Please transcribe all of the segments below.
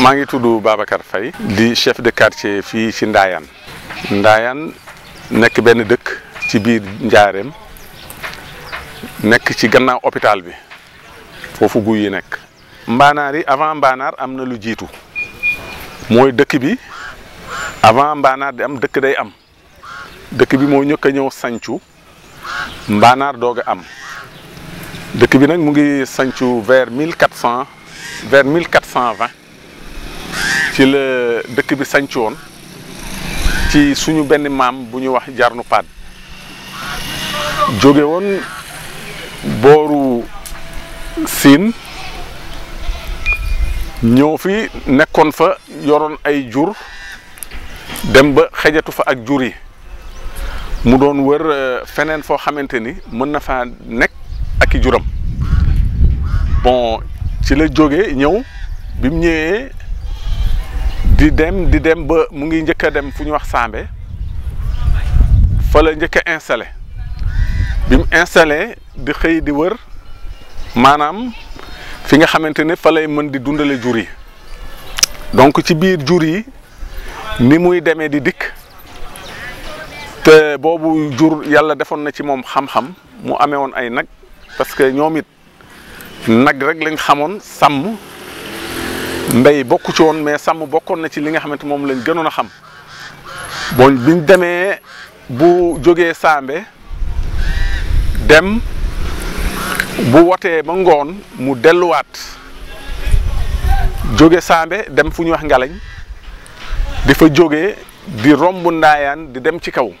maa ngi tudd Babacar fay di chef de quartier fii ci Ndayane ndaayaan nekk benn dëkk ci biir Njaareem nekk ci gannaaw hôpital bi foofu guy yi nekk mbaanaar yi avant mbaanaar am na lu jiitu mooy dëkk bi avant mbaanaar di am dëkk day am dëkk bi moo ñëkk a ñëw sancu mbaanaar doog am dëkk bi nag mu ngi sancu vers mille quatre cent mille quatre cent vingt ci la dëkk bi sanc woon ci suñu benn maam bu ñuy wax jarnu paat jóge woon booru siin ñëw fi nekkoon fa yoroon ay jur dem ba xejatu fa ak jur yi mu doon wër euh, feneen foo xamante ni mën na faa nekk aki i juram bon ci la jóge ñëw bi mu ñëwee di dem di dem ba mu ngi njëkk a dem fu ñu wax Sambé fa la njëkk a installé bi mu installé di xëy di wër maanaam fi nga xamante ne fa lay mën di dundale jur yi donc ci biir jur yi ni muy demee di dikk te boobu jur yàlla defoon na ci moom xam-xam mu amee woon ay nag parce que ñoom it nag rek lañ xamoon sàmm. mbay bokku ci woon mais sàmm bokkoon na ci li nga xamante moom lañ gënoon a xam bon biñ demee bu jógee saambe dem bu wotee ba ngoon mu delluwaat jóge saambe dem fu ñuy wax ngalañ di fa jóge di romb ndaayaan di dem ci kaw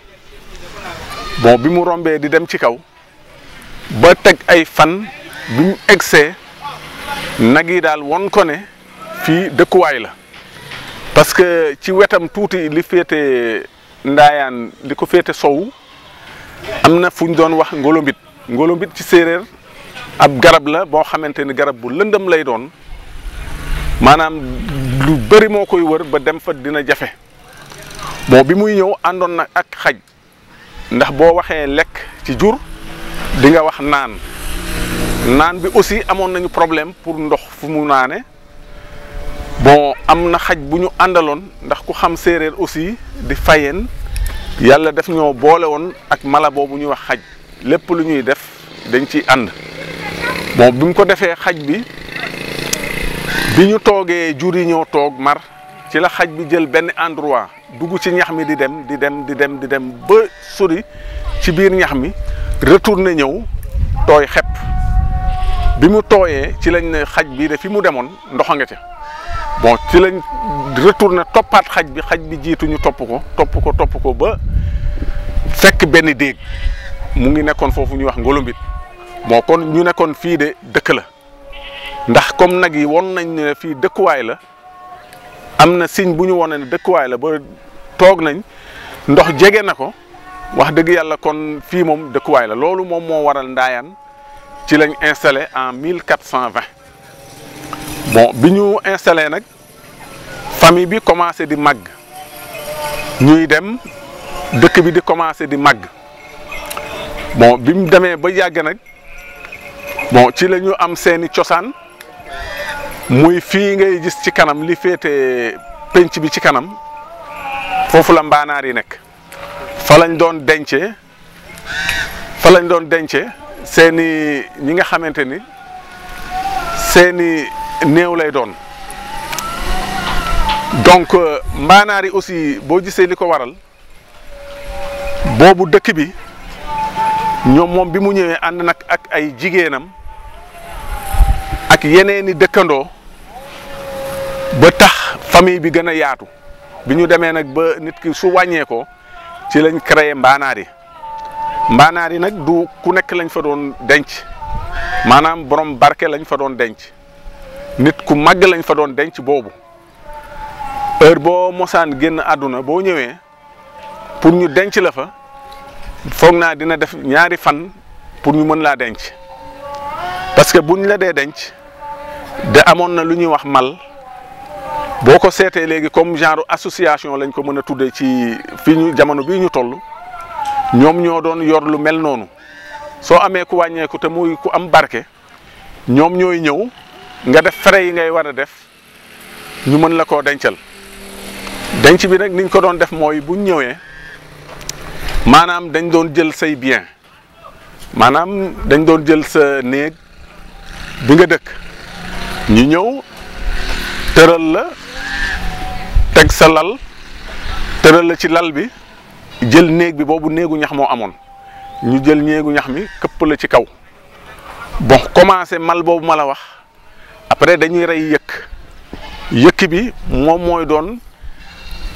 bon bi mu rombee di dem ci kaw ba teg ay fan bi mu egsee nag yi daal won ko ne fii dëkkuwaay la parce que ci wetam tuuti li féete ndaayaan li ko féete sow am na fu ñu doon wax ngolombit ngolombit ci séeréer ab garab la boo xamante ni garab bu lëndëm lay doon maanaam lu bëri moo koy wër ba dem fa dina jafe bon bi muy ñëw àndoon na ak xaj ndax boo waxee lekk ci jur di nga wax naan naan bi aussi amoon nañu problème pour ndox fu mu naane bon am na xaj bu ñu àndaloon ndax ku xam séeréer aussi di fayeen yàlla def ñoo boole woon ak mala boobu ñuy wax xaj lépp lu ñuy def dañ ci ànd bon bi mu ko defee xaj bi bi ñu toogee jur yi ñoo toog mar ci la xaj bi jël benn endroit dugg ci ñax mi di dem di dem di dem di dem ba suri ci biir ñax mi retour na ñëw tooy xepp bi mu tooyee ci lañ ne xaj bi de fi mu demoon ndox nga ca bon ci lañ retour na toppaat xaj bi xaj bi jiitu ñu topp ko topp ko topp ko ba fekk benn déeg mu ngi nekkoon foofu ñuy wax ngolombit moo kon ñu nekkoon fii de dëkk la ndax comme nag yi won nañ ne fii dëkkuwaay la am na signe bu ñu wone ne dëkkuwaay la ba toog nañ ndox jege na ko wax dëgg yàlla kon fii moom dëkkuwaay la loolu moom moo waral ndaayaan ci lañ installé en 1420 bon bi ñu installé nag famille bi commencé di màgg ñuy dem dëkk bi di commencé di màgg bon bi mu demee ba yàgg nag bon ci lañu am seeni cosaan muy fii nga gis ci kanam li féete penc bi ci kanam foofu la mbaanaar yi nekk fa lañ doon dencee fa lañ doon dencee seeni ñi nga xamante ni seeni néew lay doon donc euh, mbaanaar yi aussi boo gisee li ko waral boobu dëkk bi ñoom moom bi mu ñëwee ànd nag ak ay jigéenam ak yeneeni dëkkandoo ba tax famille bi gën a yaatu bi ñu demee nag ba nit ki su wàññeekoo ci lañ créé mbaanaar yi mbaanaar yi nag du ku nekk lañ fa doon denc maanaam borom barke lañ fa doon denc nit ku màgg lañ fa doon denc boobu heure boo mosaan génn àdduna boo ñëwee pour ñu denc la fa foog naa dina def ñaari fan pour ñu mën laa denc parce que buñ la dee denc de amoon na lu ñuy wax mal boo ko seetee léegi comme genre association lañ ko mën a tuddee ci fii ñu jamono bii ñu toll ñoom ñoo doon yor lu mel noonu soo amee ku wàññeeku te muy ku am barke ñoom ñooy ñëw. nga def frais yi ngay war a def ñu mën la koo dencal denc bi nag niñ ko doon def mooy bu ñëwee maanaam dañ doon jël say bien maanaam dañ doon jël sa néeg bi nga dëkk ñu ñëw tëral la teg sa lal tëral la ci lal bi jël néeg bi boobu néegu ñax moo amoon ñu jël néegu ñax mi këpp la ci kaw bon commencé mal boobu ma la wax après dañuy rey yëkk yëkk bi moom mooy doon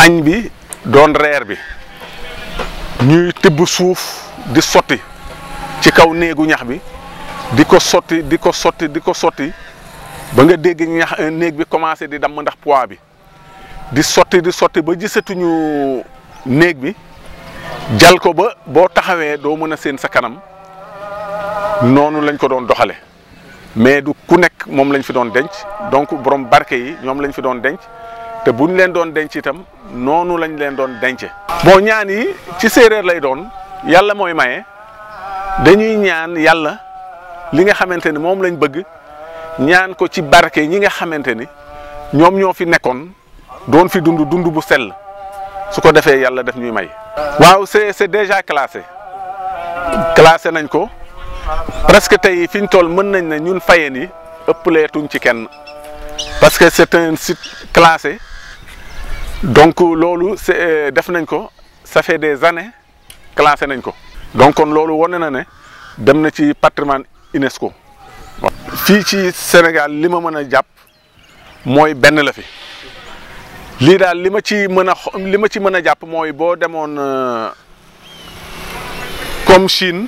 añ bi doon reer bi ñuy tibb suuf di sotti ci kaw néegu ñax bi di ko sotti di ko sotti di ko sotti ba nga dégg ñax euh, néeg bi commencé di damm ndax pois bi di sotti di sotti ba gisatuñu néeg bi jal ko ba boo taxawee doo mën a séen sa kanam noonu lañ ko doon doxale mais du ku nekk moom lañ fi doon denc donc borom barke yi ñoom lañ fi doon denc te bu ñu leen doon denc itam noonu lañ leen doon dencee. bon ñaan yi ci séeréer lay doon yàlla mooy maye dañuy ñaan yàlla li nga xamante ni moom lañ bëgg ñaan ko ci barke ñi nga xamante ni ñoom ñoo fi nekkoon doon fi dund dund bu sell su ko defee yàlla def ñuy may. waaw c'est c'est déjà classé classé nañ ko. presque tey fi ñu toll mën nañ ne ñun Fayeen yi ëppleetuñ ci kenn parce que c'est un site classé donc loolu euh, def nañ ko ça fait des années classé nañ ko donc kon loolu wane na ne dem na ci patrimoine UNESCO fii ci Sénégal li ma mën a jàpp mooy benn la fi lii daal li ma ci mën a li ma ci mën a jàpp mooy boo demoon euh, comme Chine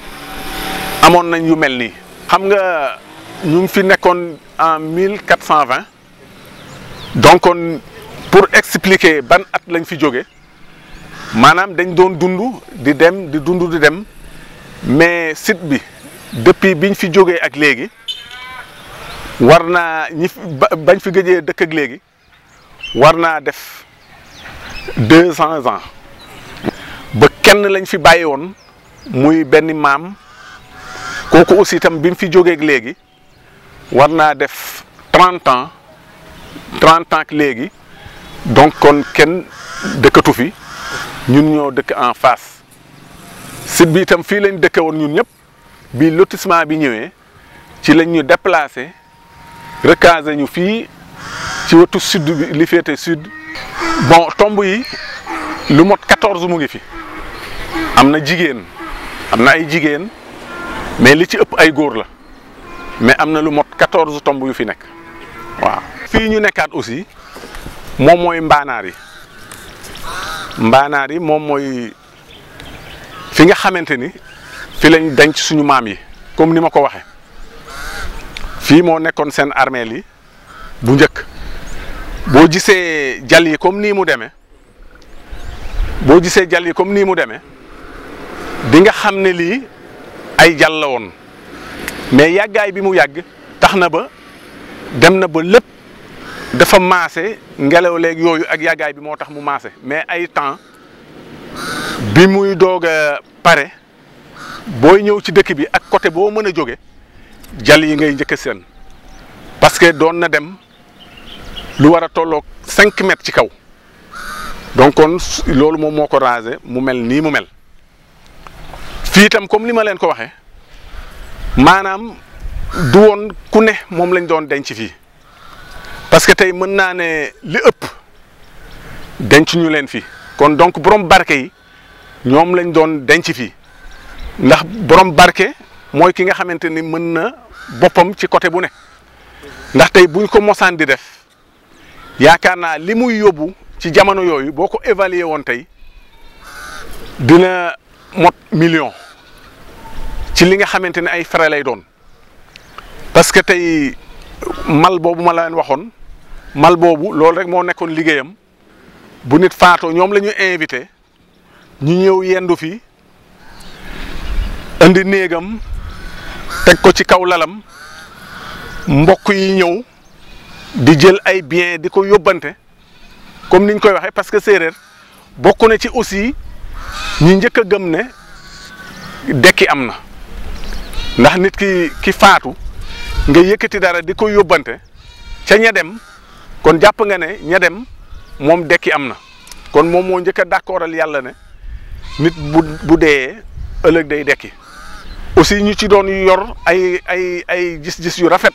amoon nañ yu mel nii xam nga ñu ngi fi nekkoon en mille quatre cent vingt donc pour expliquer ban at lañ fi jóge maanaam dañ doon dund di dem di dund di dem mais sit bi depuis biñ fi jógee ak léegi war naa ñi bañ fi gëjee dëkk ak léegi war naa def deux cents ans ba kenn lañ fi bàyyi woon muy benn maam kooku aussi itam bi mu fi jógeeg léegi war naa def trente ans trent ans léegi donc kon kenn dëkkatu fi ñun ñoo dëkk en face site bi itam fii lañ dëkke woon ñun ñëpp bi lotissement bi ñëwee ci lañ ñu déplacé recasé ñu fii ci wetu sud bi li féete sud bon tomb yi lu mot quatorze mu ngi fi am na jigéen am na ay jigéen mais li ci ëpp ay góor la mais am na lu mot quatorze tomb yu fi nekk waaw. fii ñu nekkaat aussi moom mooy mbaanaar yi mbaanaar yi moom mooy fi nga xamante ni fi lañ denc suñu maam yi comme ni ma ko waxe fii moo nekkoon seen armeel yi bu njëkk boo gisee jal yi comme nii mu demee boo gisee jal yi comme nii mu demee di nga xam ne lii. ay jàll la woon mais yàggaay bi mu yàgg tax na ba dem na ba lépp dafa maase ngelaw leeg yooyu ak yàggaay bi moo tax mu maase mais ay temps bi muy doog pare booy ñëw ci dëkk bi ak côté boo mën a jóge jàll yi ngay njëkk seen parce que doon na dem lu war a tolloog cinq mètres ci kaw donc kon loolu moom moo ko rasé mu mel nii mu mel fii itam comme ni ma leen ko waxee maanaam du woon ku ne moom lañ doon denc fii parce que tey mën naa ne li ëpp denc ñu leen fii kon donc borom barke yi ñoom lañ doon denc fii ndax borom barke mooy ki nga xamante ni mën na boppam ci côté bu ne ndax tey buñ ko mosaan di def yaakaar naa li muy yóbbu ci jamono yooyu boo ko évaluer woon tey dina mot million ci li nga xamante ne ay frais lay doon parce que tey mal boobu ma la leen waxoon mal boobu loolu rek moo nekkoon liggéeyam bu nit faatoo ñoom la invité ñu ñëw yendu fi indi néegam teg ko ci kaw lalam mbokk yi ñëw di jël ay bien di ko yóbbante comme niñ koy waxee parce que séeréer bokk na ci aussi ñu njëkk a gëm ne dekki am na ndax nit ki ki faatu nga yëkkati dara di ko yóbbante ca ña dem kon jàpp nga ne ña dem moom dekki am na kon moom moo njëkk a d'accordal yàlla ne nit bu bu dee ëllëg day dekki aussi ñu ci doon yor ay ay ay gis yu rafet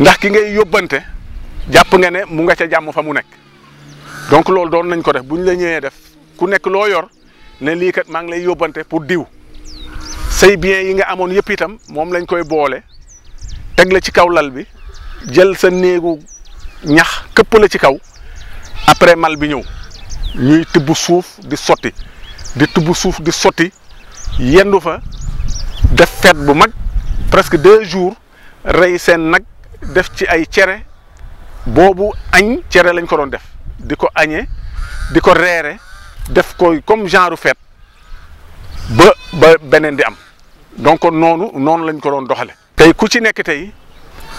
ndax ki ngay yóbbante jàpp nga ne mu nga ca jàmm fa mu nekk donc loolu doon nañ ko def bu ñu la ñëwee def ku nekk loo yor ne lii kat maa ngi lay yóbbante pour diw say biens yi nga amoon yëpp itam moom lañ koy boole teg la ci kaw lal bi jël sa néegu ñax këpp la ci kaw après mal bi ñëw ñuy tibb suuf di sotti di tibb suuf di sotti yendu fa def fête bu mag presque deux jours rey seen nag def ci ay cere boobu añ cere lañ ko doon def di ko añee di ko reere def ko comme genre fête ba ba beneen di am donc noonu noonu lañ ko doon doxale tey ku ci nekk tey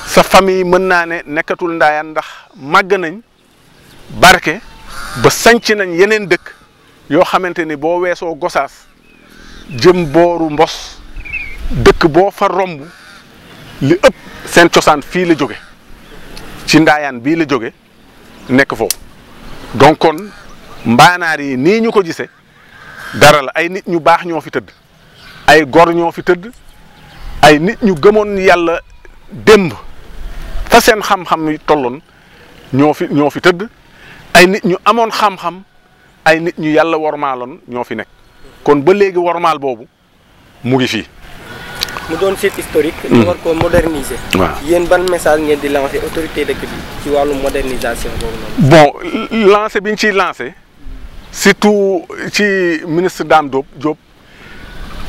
sa famille mën naa ne nekkatul ndaayaan ndax màgg nañ barke ba sanc nañ yeneen dëkk yoo xamante ni boo weesoo gosaas jëm booru mbos dëkk boo fa romb li ëpp seen cosaan fii la jóge ci ndaayaan bii la jóge nekk foofu donc kon yi nii ñu ko gisee dara la ay nit ñu baax ñoo fi tëdd ay gor ñoo fi tëdd ay nit ñu gëmoon yàlla démb fa seen xam-xam tolloon ñoo fi ñoo fi tëdd ay nit ñu amoon xam-xam ay nit ñu yàlla wormaaloon ñoo fi nekk kon ba léegi wormaal boobu mu ngi fii. mu doon site historique. ñu hmm. moderniser. yéen ban message ngeen di lancer autorité dëkk bi ci wàllu modernisation boobu noonu. bon lancer bi ñu ciy lancer. surtout ci ministre Dame Diop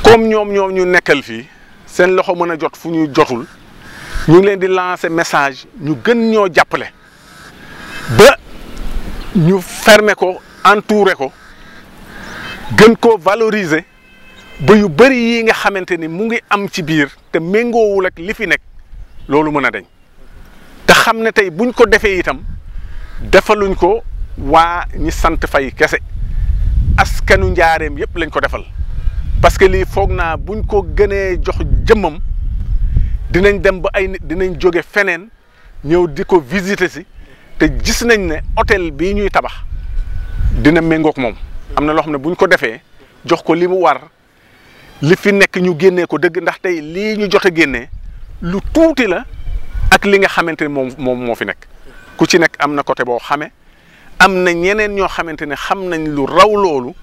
comme ñoom ñoom ñu nekkal fii seen loxo mën a jot fu ñu jotul ñu ngi leen di lancer message ñu gën ñoo jàppale ba ñu fermer ko en entourer ko gën koo valoriser ba yu bëri yi nga xamante ni mu ngi am ci biir te méngoowul ak li fi nekk loolu mën a dañ te xam ne tey buñ ko defee itam defaluñ ko waa ñi sant fay kese askanu njaareem yëpp lañ ko defal parce que lii foog naa buñ ko gënee jox jëmmam dinañ dem ba ay nit dinañ jóge feneen ñëw di ko visiter si te gis nañ ne hôtel bi ñuy tabax dina méngook moom am na loo xam ne buñ ko defee jox ko li mu war li fi nekk ñu génnee ko dëgg ndax tey lii ñu jot a génnee lu tuuti la ak li nga xamante ne moom moom moo fi nekk ku ci nekk am na côté boo xamee am na ñeneen ñoo xamante ne xam nañ lu raw loolu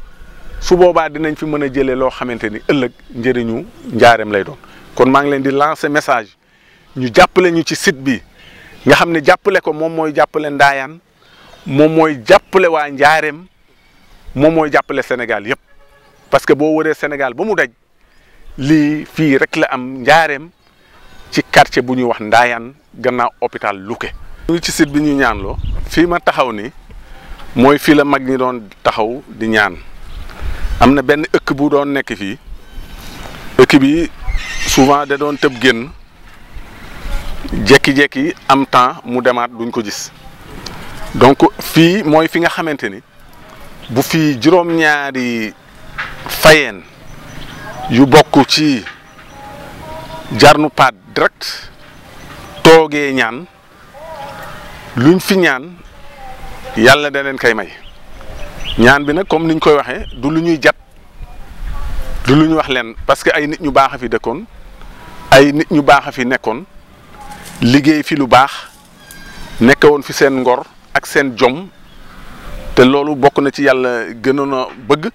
su boobaa dinañ fi mën a jëlee loo xamante ni ëllëg njëriñu njaareem lay doon kon maa ngi leen di lancer message ñu jàppale ñu ci site bi nga xam ne jàppale ko moom mooy jàppale ndaayaan moom mooy jàppale waa njaareem moom mooy jàppale Sénégal yëpp parce que boo wëree Sénégal ba mu daj lii fii rek la am njaareem ci quartier bu ñuy wax ndaayaan gannaaw hôpital Louké. ñu ci site bi ñu ñaanloo fii ma taxaw ni mooy fii la mag ñi doon taxaw di ñaan am na benn ëkk bu doon nekk fii ëkk bi souvent da doon tëb génn jekki-jekki am temps mu demaat duñ ko gis donc fii mooy fi nga xamante ni bu fi juróom-ñaari fayeen yu bokk ci jarnu paat direct toogee ñaan luñ fi ñaan yàlla de leen koy may ñaan bi nag comme niñ koy waxee du lu ñuy jat du lu ñu wax leen parce que ay nit ñu baax a fi dëkkoon ay nit ñu baax a fi nekkoon liggéey fi lu baax nekk woon fi seen ngor ak seen jom te loolu bokk na ci yàlla gënoon a bëgg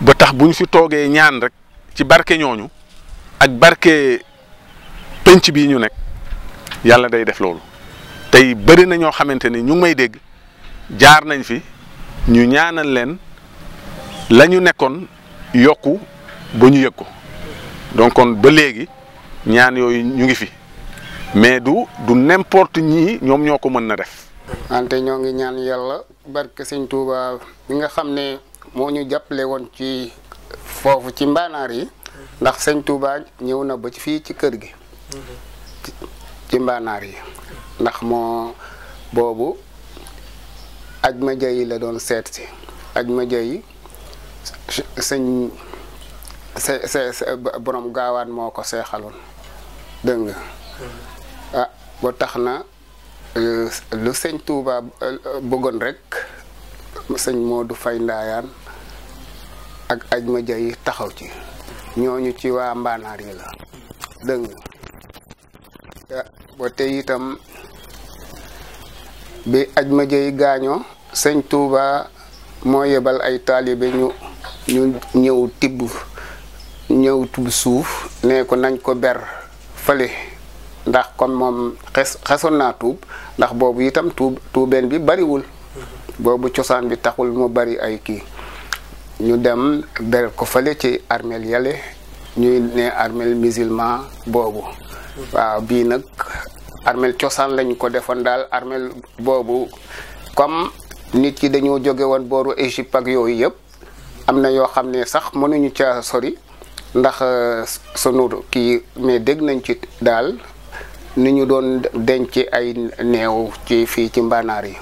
ba tax bu ñu fi toogee ñaan rek ci barke ñooñu ak barke penc bii ñu nekk yàlla day def loolu tey bëri na ñoo xamante ni ñu may dégg jaar nañ fi ñu ñaanal leen la ñu nekkoon yokku ba ñu yëg ko donc kon ba léegi ñaan yooyu ñu ngi fi mais du du n'importe ñii ñoom ñoo ko mën na def. wante ñoo ngi ñaan yàlla barke sëñ Touba bi nga xam ne moo ñu jàppale woon ci foofu ci mbanaar yi ndax sëñ Touba ñëw na ba fii ci kër gi. Mm-hmm. ci mbaanaar yi ndax moo boobu. aj média yi la doon seet si aj média yi sëñ borom gaawaan moo ko seexaloon dégg nga mm-hmm. ah ba tax na euh, lu sëñ Touba euh, bëggoon rek sëñ Modou Fay Ndaayaan ak aj média yi taxaw ci ñooñu ci waa mbaanaar yi la dégg nga ah, tey itam bi aj média yi gaañoo sëñ Touba moo yebal ay taali ñu ñu ñëw tibb ñëw tibb suuf ne ko nañ ko ber fële ndax kon moom xes xesoon naa tuub ndax boobu itam tuub tuubeen bi bariwul boobu cosaan bi taxul mu bari ay kii ñu dem ber ko fële ci armeel yale ñuy ne armeel musulman boobu waaw bii nag armeel cosaan lañ ko defoon daal armeel boobu comme nit ki dañoo jóge woon booru Égypte ak yooyu yëpp am na yoo xam ne sax mënuñu ca sori ndax euh, sunu kii mais dégg nañ ci daal ni ñu doon denc ay néew ci fii ci mbanaar yi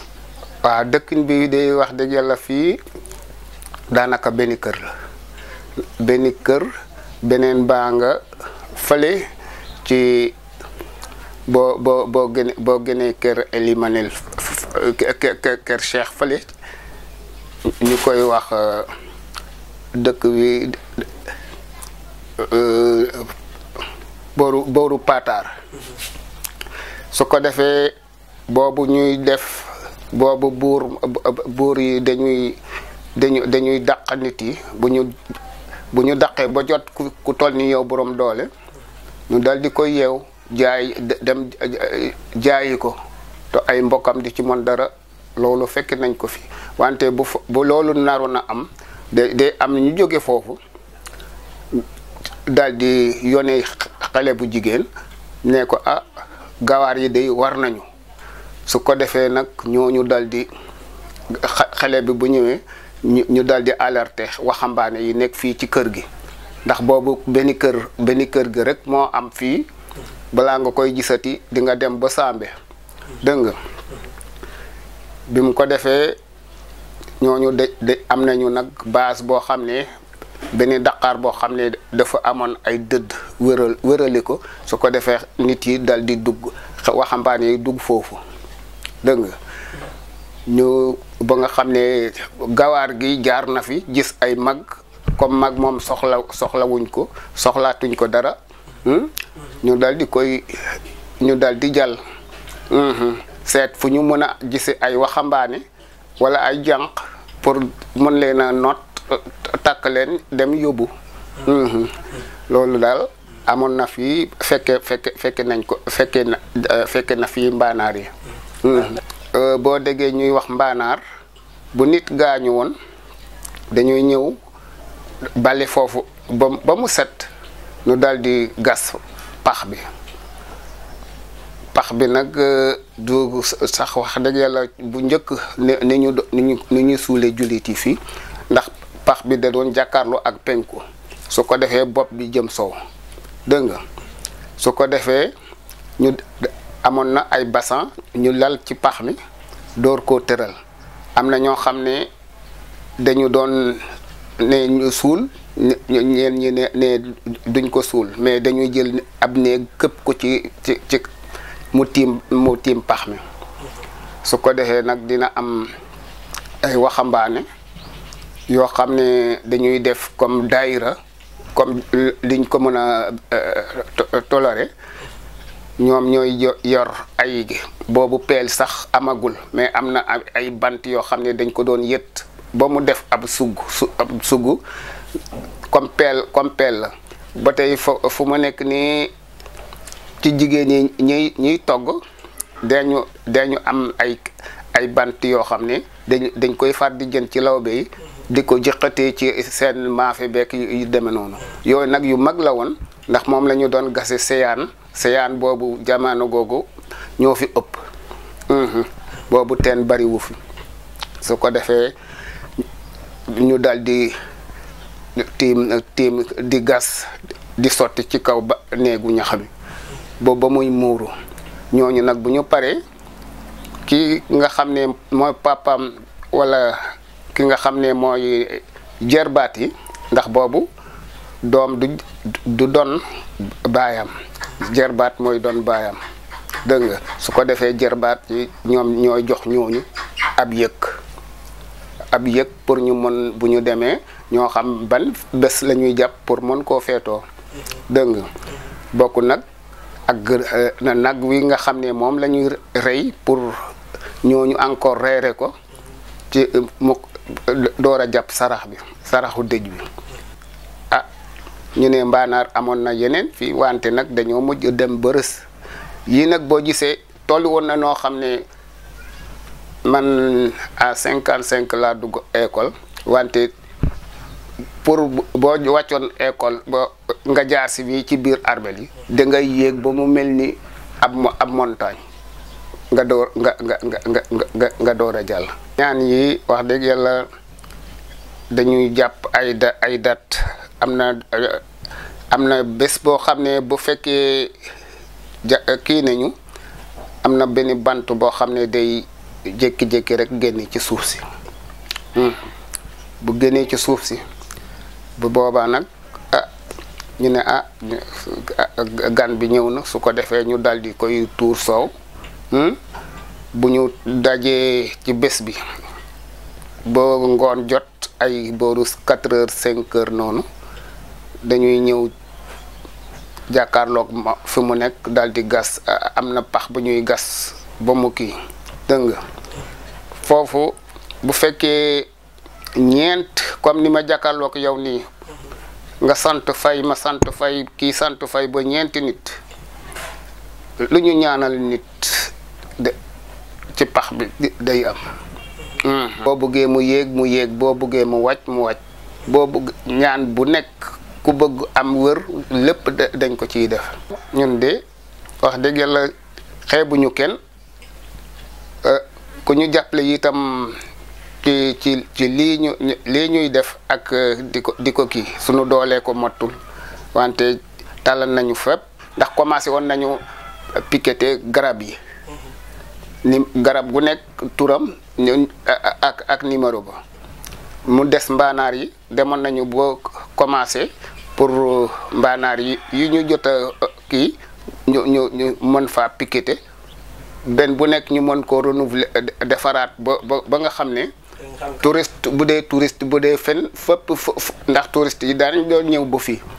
waa dëkkin bi day wax dëgg yàlla fii daanaka benn kër la benn kër beneen baa nga fale ci boo boo boo gënee boo gënee kër limanel kër Cheikh fële ñu koy wax euh, dëkk bi euh, booru booru Pataar su ko defee boobu ñuy def boobu buur buur yi dañuy dañu dañuy dàq nit yi bu ñu bu ñu daqee ba jot ku toll ni yow boroom doole ñu dal koy yeew jaay dem jaayi ko te ay mbokkam di ci mën dara loolu fekk nañ ko fi wante bu bu loolu naroon na am day am ñu jóge foofu daldi yone xale bu jigéen ne ko ah gawaar yi day war nañu su ko defee nag ñooñu dal di xale bi bu ñëwee ñu daldi alerte waxambaane yi nekk fii ci kër gi ndax boobu benn kër benn kër gi rek moo am fii balaa nga koy gisati dinga dem ba Sambé dégg nga bi mu ko defee ñooñu de de am nañu nag base boo xam ne benn daqaar boo xam ne dafa amoon ay dëdd wëral wërali ko su ko defee nit yi dal di dugg waxambaane yi dugg foofu dégg nga ñu ba nga xam ne gawaar gi jaar na fi gis ay mag comme mag moom soxla soxlawuñ ko soxlaatuñ ko dara Hmm? ñu dal di koy ñu daldi jal hmm. seet fu ñu mën a gise ay waxambaane wala ay jànq pour mën leen a noot takk leen dem yóbbu hmm. loolu daal amoon na fi fekke fekke fekke nañ ko fekke na euh, fekke na fii mbaanaar yi euh, boo deggee ñuy wax mbaanaar bu nit gaañu woon dañuy ñëw bale foofu ba mu set ñu daal di gas pax bi pax bi nag euh, du sax wax dëgg yàlla bu njëkk ni ni ñu ñu suulee jullit yi fii ndax pax bi da doon jàkkaarloo ak penku su ko defee bopp bi jëm sow dégg nga su ko defee ñu amoon na ay bassin ñu lal ci pax mi dóor koo tëral am na ñoo xam ne dañu doon ne ñu suul ñeen ñi ne ne duñ ko suul mais dañuy jël ab néeg këpp ko ci ci ci mu tiim mu tiim pax mi su ko defee nag dina am ay waxambaane yoo xam ne dañuy def comme daayira comme liñ ko mën a euh, toléré ñoom ñooy yor ay boobu peel sax amagul mais am na ay bant yoo xam ne dañ ko doon yët ba mu def ab sugg su ab sugg comme kompeel la ba tey fa fu ma nekk nii ci jigéen ñi ñuy ñuy togg dañu dañu am ay ay bant yoo xam ne dañ dañ koy far di jën ci lawbe yi di ko jëqatee ci seen maafe bekk yu demee noonu yooyu nag yu mag la woon ndax moom lañu doon gase seyaan seyaan boobu jamono googu ñoo fi ëpp boobu teen bariwu fi su ko defee ñu daldi di tiim tiim di gas di sotti ci kaw ba néegu ñax bi boobu ba muy muuru ñooñu nag bu ñu paree ki nga xam ne mooy papaam walla ki nga xam ne mooy jerbaat yi ndax boobu doom du du doon baayam jërbaat mooy doon baayam dégg nga su ko defee jërbaat yi ñoom ñooy jox ñooñu ab yëkk ab yëg pour ñu mën bu ñu demee ñoo xam ban bés lañuy jàpp pour mën koo feetoo dégg nga bokk nag ak euh, na nag wi nga xam ne moom la ñuy rey pour ñoo ñu encore reere ko ci euh, mu euh, door a jàpp sarax bi saraxu dëj bi ah ñu ne mbanaar amoon na yeneen fii wante nag dañoo mujj dem bërës yi nag boo gisee tollu woon na noo xam ne man à cinquante cinq laa dugg école wante pour boo wàccoon école ba nga jaar si bii ci biir arbel yi da yéeg ba mu mel ni ab ab nga door nga nga nga nga nga door a jàll. ñaan yi wax dëgg yàlla dañuy jàpp ay dat am na am na bés boo xam ne bu fekkee ja kii nañu am na benn bant boo xam ne day. jékki-jékki rek génne ci suuf si hmm. bu génnee ci suuf si bu boobaa nag ah ñu ne a ah, gan bi ñëw na su ko defee ñu daldi koy tuur soow hmm. bu ñu dajee ci bés bi boo ngoon jot ay booru quatre heures cinq heures noonu dañuy ñëw jàkkaarloog ma fi mu nekk daldi gas ah, am na pax bu ñuy gas ba mu kii dëng foofu bu fekkee ñeent comme ni ma jàkkaarloog yow nii nga sant fay ma sant fay kii sant fay ba ñeenti nit lu ñu ñaanal nit de ci pax bi day am. Mm-hmm. boo bëggee mu yéeg mu yéeg boo bëggee mu wàcc mu wàcc boo bëgg ñaan bu nekk ku bëgg am wër lépp dañ ko ciy def. ñun de wax dëgg yàlla xeebuñu kenn. ku ñu jàppale itam ci ci ci lii ñu lii ñuy def ak euh, di ko kii sunu doolee ko mottul wante tàllal nañu fépp ndax commencé woon nañu piqueté garab yi mm-hmm. ni garab gu nekk turam ak ak numéro ba mu des mbaanaar yi demoon nañu boo commencé pour euh, mbaanaar yi yi ñu jot a euh, kii ñu ñu ñu mën faa piqueté benn bu nekk ñu mën koo renouveler euh, defaraat ba ba ba nga xam ne. touriste bu dee touriste bu dee fen fépp ndax touriste yi daan doon ñëw ba fii.